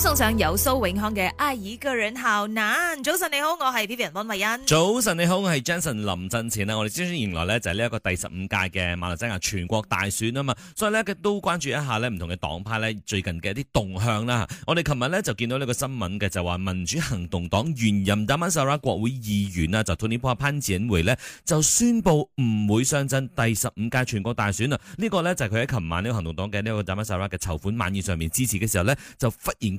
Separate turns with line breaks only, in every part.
送上有蘇永康嘅《愛一個人好難》早。早晨你好，我係 Vivian 溫慧欣。
早晨你好，我係 Jason 林振前啦。我哋將迎來呢就係呢一個第十五屆嘅馬來西亞全國大選啊嘛，所以咧，都關注一下呢唔同嘅黨派呢最近嘅一啲動向啦。我哋琴日呢就見到呢個新聞嘅就話，民主行動黨原任打曼沙拉國會議員啊就 Tony Pua 潘儉偉，呢就宣布唔會上陣第十五屆全國大選啊。呢、這個呢就係佢喺琴晚呢個行動黨嘅呢個打曼沙拉嘅籌款晚宴上面支持嘅時候呢就忽然。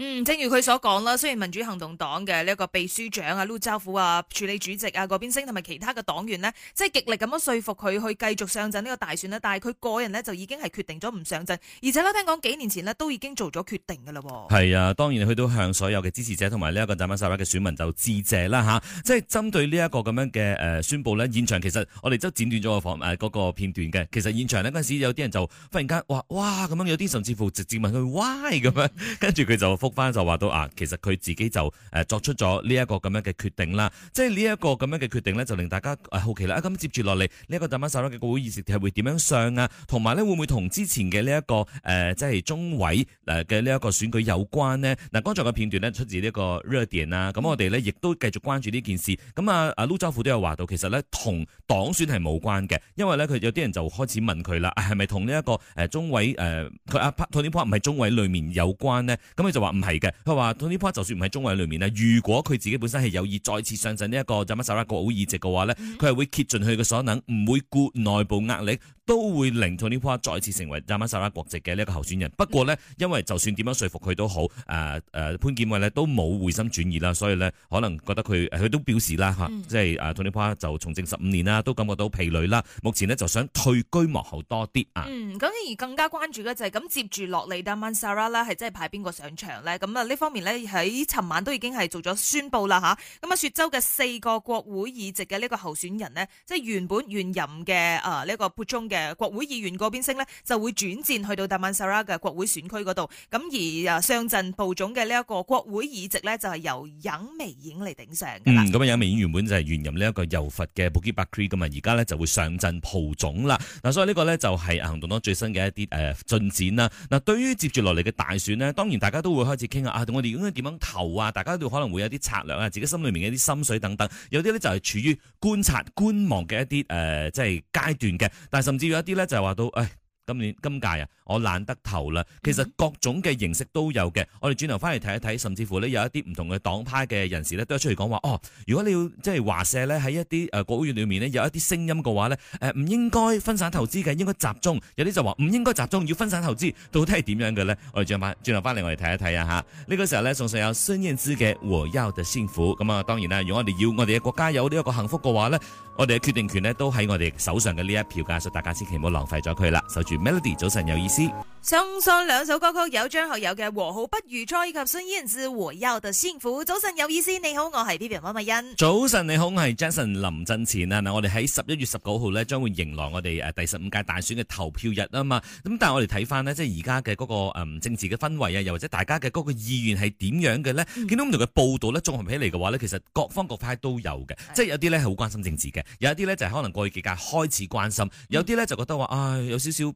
嗯，正如佢所講啦，雖然民主行動黨嘅呢一個秘書長州府啊、陸兆福啊、署理主席啊哥賓星，同埋其他嘅黨員呢，即係極力咁樣說服佢去繼續上陣呢個大選啦，但係佢個人呢，就已經係決定咗唔上陣，而且咧聽講幾年前呢，都已經做咗決定噶啦。
係啊，當然佢都向所有嘅支持者同埋呢一個扎馬薩嘅選民就致謝啦吓，即係針對呢一個咁樣嘅誒宣布呢，現場其實我哋都剪斷咗個片段嘅，其實現場咧嗰陣時有啲人就忽然間話哇咁樣有，有啲甚至乎直接問佢 why 咁、嗯、樣，跟住佢就。翻就話到啊，其實佢自己就誒作出咗呢一個咁樣嘅決定啦，即係呢一個咁樣嘅決定咧，就令大家好奇啦。咁接住落嚟呢一個特馬首腦嘅國會議席係會點樣上啊？同埋咧會唔會同之前嘅呢一個誒即係中委誒嘅呢一個選舉有關呢？嗱，剛才嘅片段咧出自這呢一個 Radio 啊，咁我哋咧亦都繼續關注呢件事，啊。咁啊阿盧州富都有話到，其實咧同黨選係冇關嘅，因為咧佢有啲人就開始問佢啦，係咪同呢一個誒中委誒佢阿帕托尼波唔係中委裏面有關呢？」咁佢就話。唔係嘅，佢話 Tony Pua 就算唔喺中委裏面咧，如果佢自己本身係有意再次上陣呢一個就乜手拉國會議席嘅話咧，佢係、嗯、會竭盡佢嘅所能，唔會顧內部壓力。都會令 Tony Pua 再次成為 Damansara 國席嘅呢一個候選人。不過呢，嗯、因為就算點樣說服佢都好，誒、呃、誒、呃、潘儉偉咧都冇回心轉意啦，所以呢，可能覺得佢佢都表示啦嚇，即係誒 Tony Pua 就從政十五年啦，都感覺到疲累啦。目前呢，就想退居幕後多啲啊。嗯，
咁而更加關注嘅就係、是、咁接住落嚟，Damansara 啦係真係派邊個上場呢？咁啊呢方面呢，喺尋晚都已經係做咗宣佈啦咁啊，啊雪州嘅四個國會議席嘅呢個候選人呢，即係原本原任嘅誒呢個蒲種嘅。誒，國會議員嗰邊升呢，就會轉戰去到大曼沙拉嘅國會選區嗰度。咁而啊上陣蒲種嘅呢一個國會議席呢，就係由楊美盈嚟頂上嘅。
嗯，咁啊楊美盈原本就係原任呢一個柔佛嘅武吉巴克里，咁啊而家呢，就會上陣蒲種啦。嗱，所以呢個呢，就係行動黨最新嘅一啲誒、呃、進展啦。嗱、呃，對於接住落嚟嘅大選呢，當然大家都會開始傾下啊，我哋應該點樣投啊？大家都可能會有啲策略啊，自己心裏面嘅一啲心水等等。有啲呢，就係處於觀察觀望嘅一啲誒、呃，即係階段嘅，但係甚至。有一啲咧就係話到，唉。今年今屆啊，我懶得投啦。其實各種嘅形式都有嘅。我哋轉頭翻嚟睇一睇，甚至乎呢，有一啲唔同嘅黨派嘅人士呢，都出嚟講話哦。如果你要即係華社呢，喺一啲誒國會裏面呢，有一啲聲音嘅話呢，誒、呃、唔應該分散投資嘅，應該集中。有啲就話唔應該集中，要分散投資，到底係點樣嘅呢？我們轉來」轉來我哋轉翻轉頭翻嚟我哋睇一睇啊吓。呢、這個時候呢，送上有孫燕姿嘅《我要的幸福》。咁啊，當然啦，如果我哋要我哋嘅國家有呢一個幸福嘅話呢，我哋嘅決定權呢，都喺我哋手上嘅呢一票，所以大家千祈唔好浪費咗佢啦，守住。Melody，早晨有意思。
相信兩首歌曲有張學友嘅《和好不如初》以及孫燕姿《我要的幸福》。早晨有意思，你好，我係 B B 麥欣。
早晨你好，我係 Jason 林振前啊！嗱，我哋喺十一月十九號咧，將會迎來我哋誒第十五屆大選嘅投票日啊嘛。咁但係我哋睇翻呢，即係而家嘅嗰個政治嘅氛圍啊，又或者大家嘅嗰個意願係點樣嘅呢？見、嗯、到唔同嘅報道呢，綜合起嚟嘅話呢，其實各方各派都有嘅，對即係有啲呢係好關心政治嘅，有一啲呢就係可能過去幾屆開始關心，有啲呢就覺得話唉，有少少。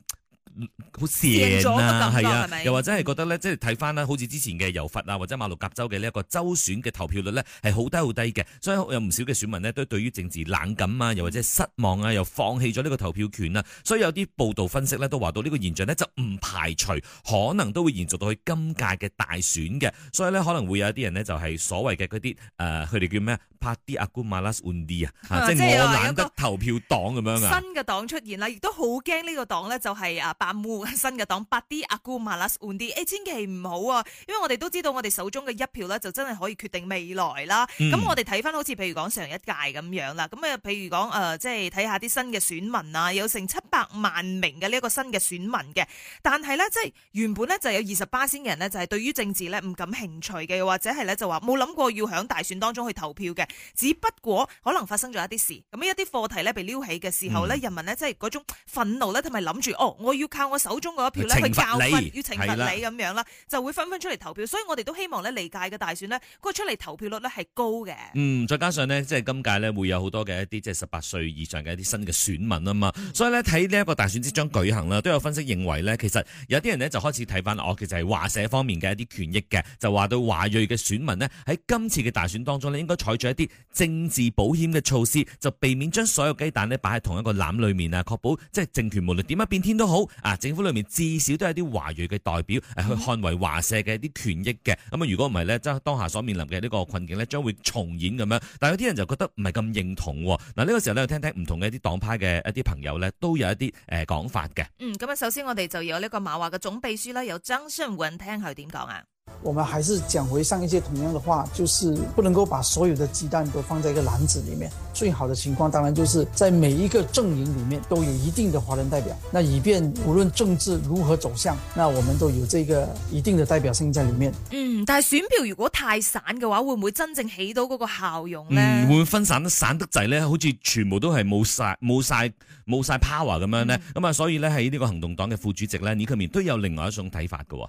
好似，啊，係啊，是吧又或者係覺得咧，即係睇翻啦，好似之前嘅柔佛啊，或者馬六甲州嘅呢一個州選嘅投票率呢，係好低好低嘅，所以有唔少嘅選民呢，都對於政治冷感啊，又或者失望啊，又放棄咗呢個投票權啊，所以有啲報道分析呢，都話到呢個現象呢，就唔排除可能都會延續到去今屆嘅大選嘅，所以呢，可能會有一啲人呢，就係、是、所謂嘅嗰啲誒，佢、呃、哋叫咩拍啲阿古馬啦換啲啊，即係、嗯、我懶得投票黨咁樣啊，新
嘅黨出現啦，亦都好驚呢個黨呢，就係、是、啊。扮 n 新嘅黨，八啲阿姑 u a r 換啲，誒千祈唔好啊！因為我哋都知道，我哋手中嘅一票咧，就真係可以決定未來啦。咁、嗯、我哋睇翻好似譬如講上一屆咁樣啦，咁啊譬如講誒、呃，即係睇下啲新嘅選民啊，有成七百萬名嘅呢一個新嘅選民嘅，但係咧即係原本咧就有二十八仙人呢，就係、是、對於政治咧唔感興趣嘅，或者係咧就話冇諗過要響大選當中去投票嘅，只不過可能發生咗一啲事，咁呢一啲課題咧被撩起嘅時候咧，嗯、人民咧即係嗰種憤怒咧同埋諗住，哦，我要。靠我手中嗰一票咧，去教訓，要懲罰你咁樣啦，的就會紛紛出嚟投票，所以我哋都希望呢離屆嘅大選呢，佢出嚟投票率呢係高嘅。
嗯，再加上呢，即係今屆呢會有好多嘅一啲即係十八歲以上嘅一啲新嘅選民啊嘛，嗯、所以呢，睇呢一個大選即將舉行啦，嗯、都有分析認為呢，其實有啲人呢就開始睇翻我其實係華社方面嘅一啲權益嘅，就話對華裔嘅選民呢，喺今次嘅大選當中呢，應該採取一啲政治保險嘅措施，就避免將所有雞蛋呢擺喺同一個籃裏面啊，確保即係政權無論點樣變天都好。啊！政府裏面至少都有啲華裔嘅代表，啊、去捍衞華社嘅一啲權益嘅。咁啊，如果唔係咧，即係當下所面臨嘅呢個困境咧，將會重演咁樣。但有啲人就覺得唔係咁認同喎。嗱、啊，呢、呢個時候咧，聽聽唔同嘅一啲黨派嘅一啲朋友咧，都有一啲誒、呃、講法嘅。嗯，
咁啊，首先我哋就有呢個馬華嘅總秘書啦，有張盛聞聽下佢點講啊。
我們還是講回上一屆同樣的話，就是不能夠把所有的雞蛋都放在一個籃子裏面。最好的情況當然就是在每一個陣營裏面都有一定的華人代表，那以便無論政治如何走向，那我們都有這個一定的代表性在裏面。
嗯，但係選票如果太散嘅話，會唔會真正起到嗰個效用呢、嗯、會唔會
分散得散得滯呢？好似全部都係冇晒冇晒冇晒 power 咁樣咧？咁啊、嗯，所以呢，喺呢個行動黨嘅副主席呢，倪可敏都有另外一種睇法嘅。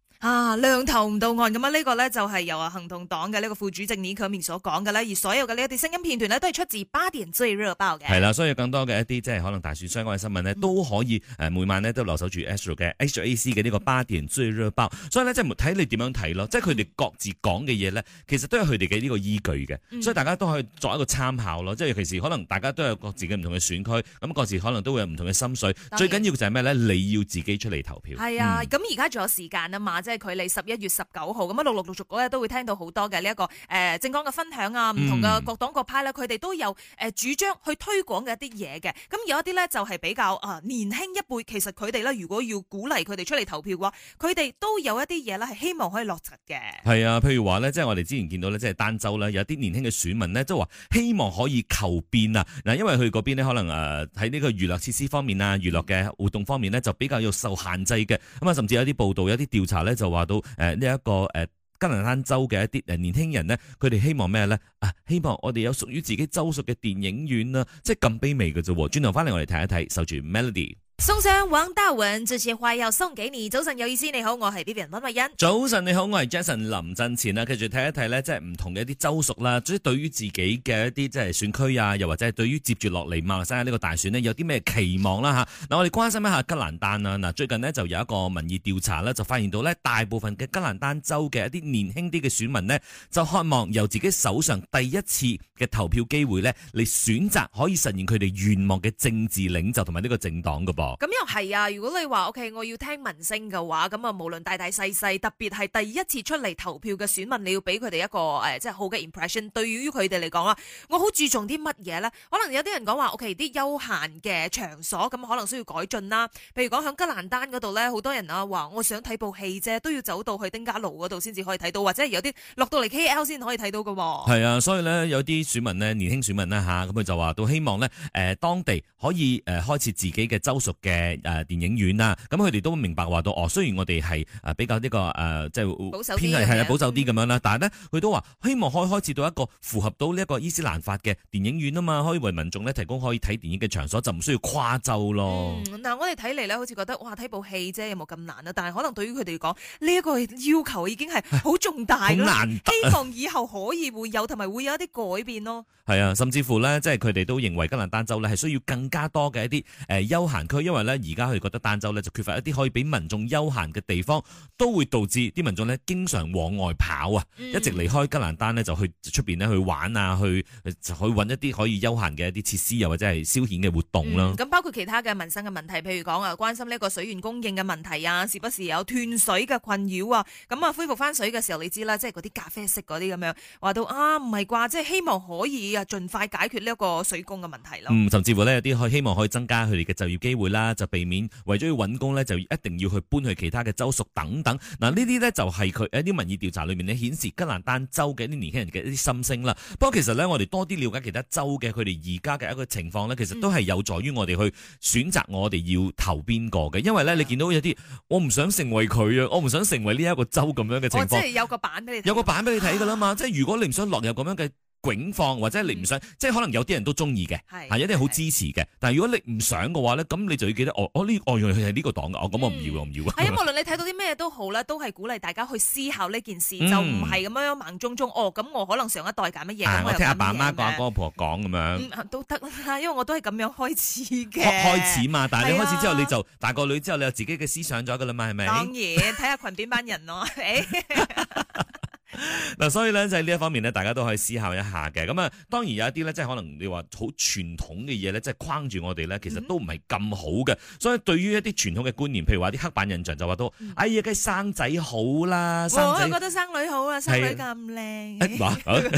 啊，兩頭唔到岸咁啊！呢、這個咧就係由啊行動黨嘅呢個副主席倪可敏所講嘅咧，而所有嘅呢一啲聲音片段咧都係出自八點最熱報嘅。係啦，
所以有更多嘅一啲即係可能大選相關嘅新聞呢，嗯、都可以每晚呢都留守住 Astro 嘅 HAC 嘅呢個八點最熱報》。所以呢，即係睇你點樣睇咯，即係佢哋各自講嘅嘢呢，嗯、其實都有佢哋嘅呢個依據嘅。所以大家都可以作一個參考咯。即係尤其是可能大家都有各自嘅唔同嘅選區，咁各自可能都會有唔同嘅心水。然最緊要就係咩呢？你要自己出嚟投票。
係啊的，咁而家仲有時間啊嘛，佢哋十一月十九號咁啊，陸陸續續嗰日都會聽到好多嘅呢一個誒政綱嘅分享啊，唔同嘅各黨各派咧，佢哋、嗯、都有誒主張去推廣嘅一啲嘢嘅。咁有一啲咧就係比較啊年輕一輩，其實佢哋咧如果要鼓勵佢哋出嚟投票嘅話，佢哋都有一啲嘢咧係希望可以落實嘅。
係啊、嗯，譬如話咧，即係我哋之前見到咧，即係丹州咧，有啲年輕嘅選民呢，即係話希望可以求變啊嗱，因為佢嗰邊呢，可能誒喺呢個娛樂設施方面啊，娛樂嘅活動方面呢，就比較要受限制嘅。咁啊，甚至有啲報道，有啲調查咧。就話到誒，呃這個呃、一呢一個誒，吉蘭丹州嘅一啲誒，年輕人咧，佢哋希望咩咧？啊，希望我哋有屬於自己州屬嘅電影院啊！即係咁卑微嘅啫。轉頭翻嚟我哋睇一睇，授住 Melody。
送上溫德文主持話又松幾年，早晨有意思你好，我係呢邊溫慧欣。
早晨你好，我係 Jason。臨陣前啊，繼續睇一睇呢，即係唔同嘅一啲州屬啦，即係對於自己嘅一啲即係選區啊，又或者係對於接住落嚟馬來西亞呢個大選呢，有啲咩期望啦吓。嗱、啊，我哋關心一下吉蘭丹啊，嗱，最近呢，就有一個民意調查咧，就發現到呢大部分嘅吉蘭丹州嘅一啲年輕啲嘅選民呢，就渴望由自己手上第一次嘅投票機會呢，嚟選擇可以實現佢哋願望嘅政治領袖同埋呢個政黨㗎噃。
咁又係啊！如果你話 O K，我要聽民聲嘅話，咁啊，無論大大細細，特別係第一次出嚟投票嘅選民，你要俾佢哋一個誒、呃，即係好嘅 impression。對於佢哋嚟講啊，我好注重啲乜嘢咧？可能有啲人講話 O K，啲休閒嘅場所咁可能需要改進啦。譬如講響吉蘭丹嗰度咧，好多人啊話，我想睇部戲啫，都要走到去丁加奴嗰度先至可以睇到，或者有啲落到嚟 K L 先可以睇到嘅。
係啊，所以咧有啲選民呢，年輕選民啦吓，咁、啊、佢就話都希望呢，誒、呃，當地可以誒、呃，開設自己嘅州屬。嘅誒電影院啦，咁佢哋都明白話到，哦，雖然我哋係誒比較呢、這個誒、呃、即係保守啲，係偏對保守啲咁樣啦，嗯、但係呢，佢都話希望可以開始到一個符合到呢一個伊斯蘭法嘅電影院啊嘛，可以為民眾呢提供可以睇電影嘅場所，就唔需要跨週咯。
嗱、嗯，我哋睇嚟呢，好似覺得哇，睇部戲啫，有冇咁難啊？但係可能對於佢哋嚟講，呢、這、一個要求已經係好重大啦。啊、難希望以後可以會有同埋會有一啲改變咯。
係啊，甚至乎呢，即係佢哋都認為吉蘭丹州呢係需要更加多嘅一啲誒休閒區，因為而家佢覺得丹州咧就缺乏一啲可以俾民眾休閒嘅地方，都會導致啲民眾咧經常往外跑啊，嗯、一直離開吉蘭丹咧就去出邊咧去玩啊，去就去搵一啲可以休閒嘅一啲設施，又或者係消遣嘅活動啦。咁、嗯、
包括其他嘅民生嘅問題，譬如講啊，關心呢個水源供應嘅問題啊，時不時有斷水嘅困擾啊。咁啊，恢復翻水嘅時候，你知啦，即係嗰啲咖啡色嗰啲咁樣，話到啊唔係啩，即係、就是、希望可以啊盡快解決呢一個水供嘅問題咯、
嗯。甚至乎呢，有啲希望可以增加佢哋嘅就業機會。啦，就避免為咗要搵工咧，就一定要去搬去其他嘅州屬等等。嗱，呢啲咧就係佢一啲民意調查裏面咧顯示吉蘭丹州嘅一啲年輕人嘅一啲心聲啦。不過其實咧，我哋多啲了解其他州嘅佢哋而家嘅一個情況咧，其實都係有助於我哋去選擇我哋要投邊個嘅。因為咧，你見到有啲我唔想成為佢啊，我唔想成為呢一個州咁樣嘅情況。即
係有個版
俾你，有個版俾你睇噶啦嘛。即係如果你唔想落入咁樣嘅。警方或者你唔想，即係可能有啲人都中意嘅，係，有啲好支持嘅。但係如果你唔想嘅話咧，咁你就要記得，我我呢，我原來係呢個黨嘅，我咁我唔要，我唔要。係啊，無
論你睇到啲咩都好啦，都係鼓勵大家去思考呢件事，就唔係咁樣盲中中。哦，咁我可能上一代揀乜嘢，我我聽阿爸阿媽講，阿哥阿
婆講咁樣，
都得啦，因為我都係咁樣開始嘅。開始嘛，但係你開始之後，
你就大個女之後，你有自己嘅思想咗噶啦嘛，係咪？當
然，睇下群邊班人咯。
嗱，所以咧就喺呢一方面咧，大家都可以思考一下嘅。咁啊，當然有一啲咧，即係可能你話好傳統嘅嘢咧，即係框住我哋咧，其實都唔係咁好嘅。嗯、所以對於一啲傳統嘅觀念，譬如話啲刻板印象就話到，嗯、哎呀，梗係生仔好啦，生仔我覺得
生女好啊，生女咁靚。嗱，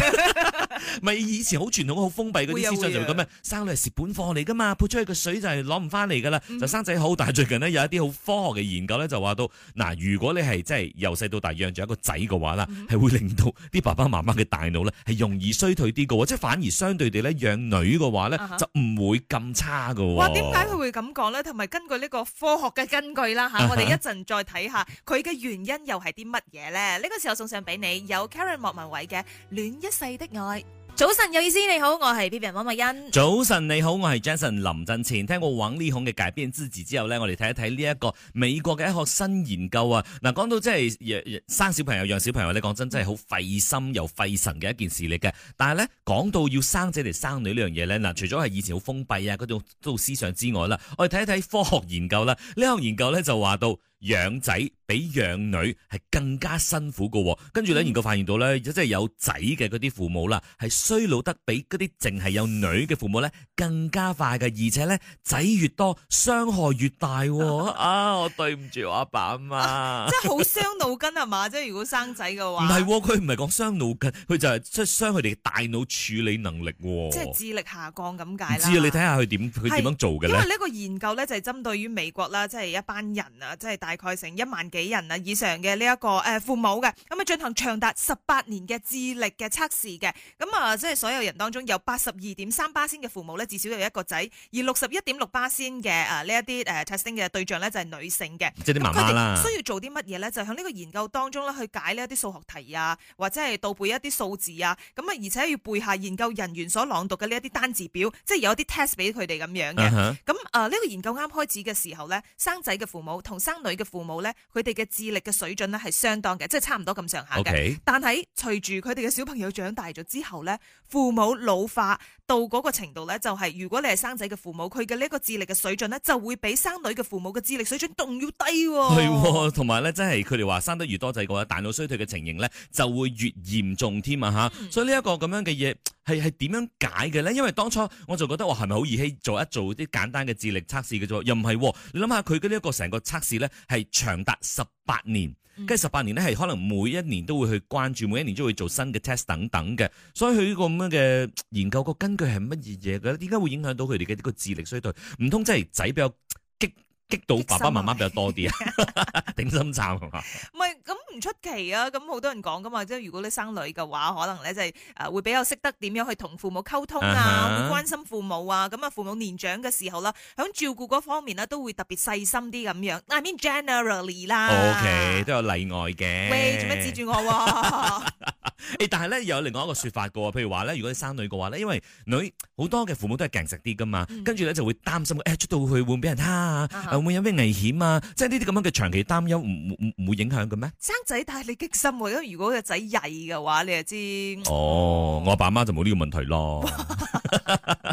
咪、哎、 以前好傳統好封閉嗰啲思想就咁樣，會啊會啊、生女蝕本貨嚟噶嘛，潑出去嘅水就係攞唔翻嚟噶啦，嗯、就生仔好。但係最近呢，有一啲好科學嘅研究咧就話到，嗱，如果你係即係由細到大養住一個仔嘅話啦，嗯會令到啲爸爸媽媽嘅大腦咧係容易衰退啲嘅，即係反而相對地咧養女嘅話咧就唔會咁差嘅。
哇！點解佢會咁講咧？同埋根據呢個科學嘅根據啦吓，我哋一陣再睇下佢嘅原因又係啲乜嘢咧？呢個時候送上俾你有 Karen 莫文蔚嘅《戀一世的愛》。早晨有意思你好，我係 B B 王默欣。
早晨你好，我係 Jason 林振前。聽過王力宏嘅改變之子之後咧，我哋睇一睇呢一個美國嘅一個新研究啊。嗱、啊，講到即、就、係、是、生小朋友、養小朋友咧，講真的真係好費心又費神嘅一件事嚟嘅。但係咧，講到要生仔嚟生女這件事呢樣嘢咧，嗱、啊，除咗係以前好封閉啊嗰種嗰思想之外啦，我哋睇一睇科學研究啦。呢項研究咧就話到。養仔比養女係更加辛苦噶跟住咧，研究發現到咧，即係有仔嘅啲父母啦，係衰老得比啲淨係有女嘅父母咧更加快嘅，而且咧仔越多傷害越大， 啊我對唔住我阿爸阿媽、 啊，即係好衰。
腦筋係嘛，即係如果生仔嘅話，唔係
喎，佢唔係講傷腦筋，佢就係即傷佢哋大腦處理能力喎，即係智
力下降咁解啦。知啊，你
睇下佢點佢點樣做嘅呢？因為呢個
研究咧就係針對於美國啦，即係一班人啊，即係大概成一萬幾人啊以上嘅呢一個誒父母嘅，咁啊進行長達十八年嘅智力嘅測試嘅，咁啊即係所有人當中有八十二點三巴仙嘅父母咧至少有一個仔，而六十一點六巴仙嘅誒呢一啲誒 testing 嘅對象咧就係女性嘅，即係啲媽媽啦，需要做啲乜嘢咧？就向呢個。研究當中咧，去解呢一啲數學題啊，或者係倒背一啲數字啊，咁啊，而且要背下研究人員所朗讀嘅呢一啲單字表，即係有一啲 test 俾佢哋咁樣嘅。咁誒、uh，呢、huh. 嗯呃，呢個研究啱開始嘅時候咧，生仔嘅父母同生女嘅父母咧，佢哋嘅智力嘅水準咧係相當嘅，即、就、係、是、差唔多咁上下嘅。Okay. 但係隨住佢哋嘅小朋友長大咗之後咧，父母老化。到嗰個程度咧，就係、是、如果你係生仔嘅父母，佢嘅呢個智力嘅水準咧，就會比生女嘅父母嘅智力水準仲要低，哦。係、哦，
同埋咧，真係佢哋話生得越多仔嘅話，大腦衰退嘅情形咧就會越嚴重添啊吓。嗯、所以呢一個咁樣嘅嘢係係點樣解嘅咧？因為當初我就覺得我係咪好兒戲做一做啲簡單嘅智力測試嘅啫？又唔係，哦？你諗下佢嘅呢一個成個測試咧係長達十八年。跟住十八年咧，係可能每一年都會去關注，每一年都會做新嘅 test 等等嘅，所以佢呢個咁樣嘅研究個根據係乜嘢嘢嘅？點解會影響到佢哋嘅呢個智力衰退？唔通真係仔比較激激到爸爸媽媽比較多啲啊？頂 心杉
啊！唔係。唔出奇啊！咁好多人講噶嘛，即係如果你生女嘅話，可能咧就係誒會比較識得點樣去同父母溝通啊，uh huh. 會關心父母啊。咁啊，父母年長嘅時候啦，響照顧嗰方面咧都會特別細心啲咁樣。I mean generally 啦，OK
都有例外嘅。喂，做咩指住
我？誒、 欸，
但係咧有另外一個說法噶喎，譬如話咧，如果你生女嘅話咧，因為女好多嘅父母都係勁食啲噶嘛，嗯、跟住咧就會擔心、哎、出到去會唔會俾人蝦、uh huh. 啊，會唔會有咩危險啊？即係呢啲咁樣嘅長期擔憂唔唔唔會影響嘅咩？
仔，但你激心，因為如果個仔曳嘅話，你又知。
哦，我阿爸媽就冇呢個問題咯。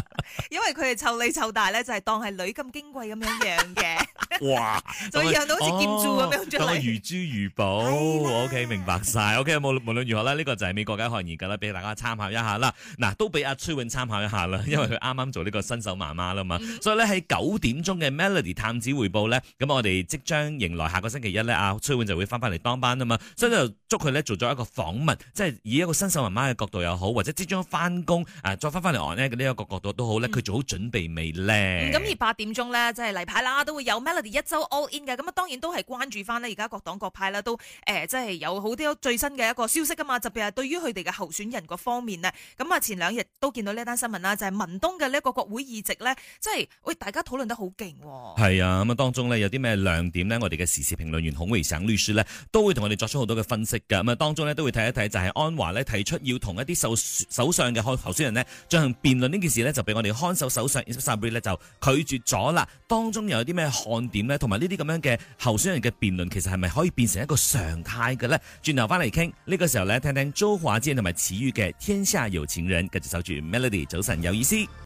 因為佢哋湊你湊大咧，就係、是、當係女咁矜貴咁樣樣嘅，
哇！就養到好似劍豬咁樣出嚟，哦、如珠如寶。的 o、okay, K，明白晒。O、okay, K，無論無論如何啦，呢、這個就係美國嘅漢二噶啦，俾大家參考一下啦。嗱、啊，都俾阿崔婉參考一下啦，因為佢啱啱做呢個新手媽媽啦嘛，嗯、所以咧喺九點鐘嘅 Melody 探子匯報咧，咁我哋即將迎來下個星期一咧，阿崔婉就會翻翻嚟當班啊嘛，所以就祝佢咧做咗一個訪問，即係以一個新手媽媽嘅角度又好，或者即將翻工誒，再翻翻嚟岸呢，呢一個角度都好。佢、嗯、做好準備未咧？咁、嗯、
而八點鐘咧，即係例牌啦，都會有 Melody 一周 all in 嘅。咁啊，當然都係關注翻呢，而家各黨各派啦，都誒，即、呃、係有好啲最新嘅一個消息噶嘛。特別係對於佢哋嘅候選人個方面咧，咁、嗯、啊，前兩日都見到呢單新聞啦，就係、是、民東嘅呢一個國會議席咧，即係我哋大家討論得好勁喎。
係啊，咁、嗯、啊，當中呢，有啲咩亮點呢？我哋嘅時事評論員孔維省律師呢，都會同我哋作出好多嘅分析㗎。咁、嗯、啊，當中呢，都會睇一睇，就係安華呢，提出要同一啲首相嘅候選人呢，進行辯論呢件事呢，就俾我哋。看守首相，以色列咧就拒絕咗啦。當中又有啲咩看點呢？同埋呢啲咁樣嘅候選人嘅辯論，其實係咪可以變成一個常態嘅咧？轉頭翻嚟傾呢個時候咧，聽聽周華健同埋齊豫嘅《天下有情人》，繼續守住 Melody，早晨有意思。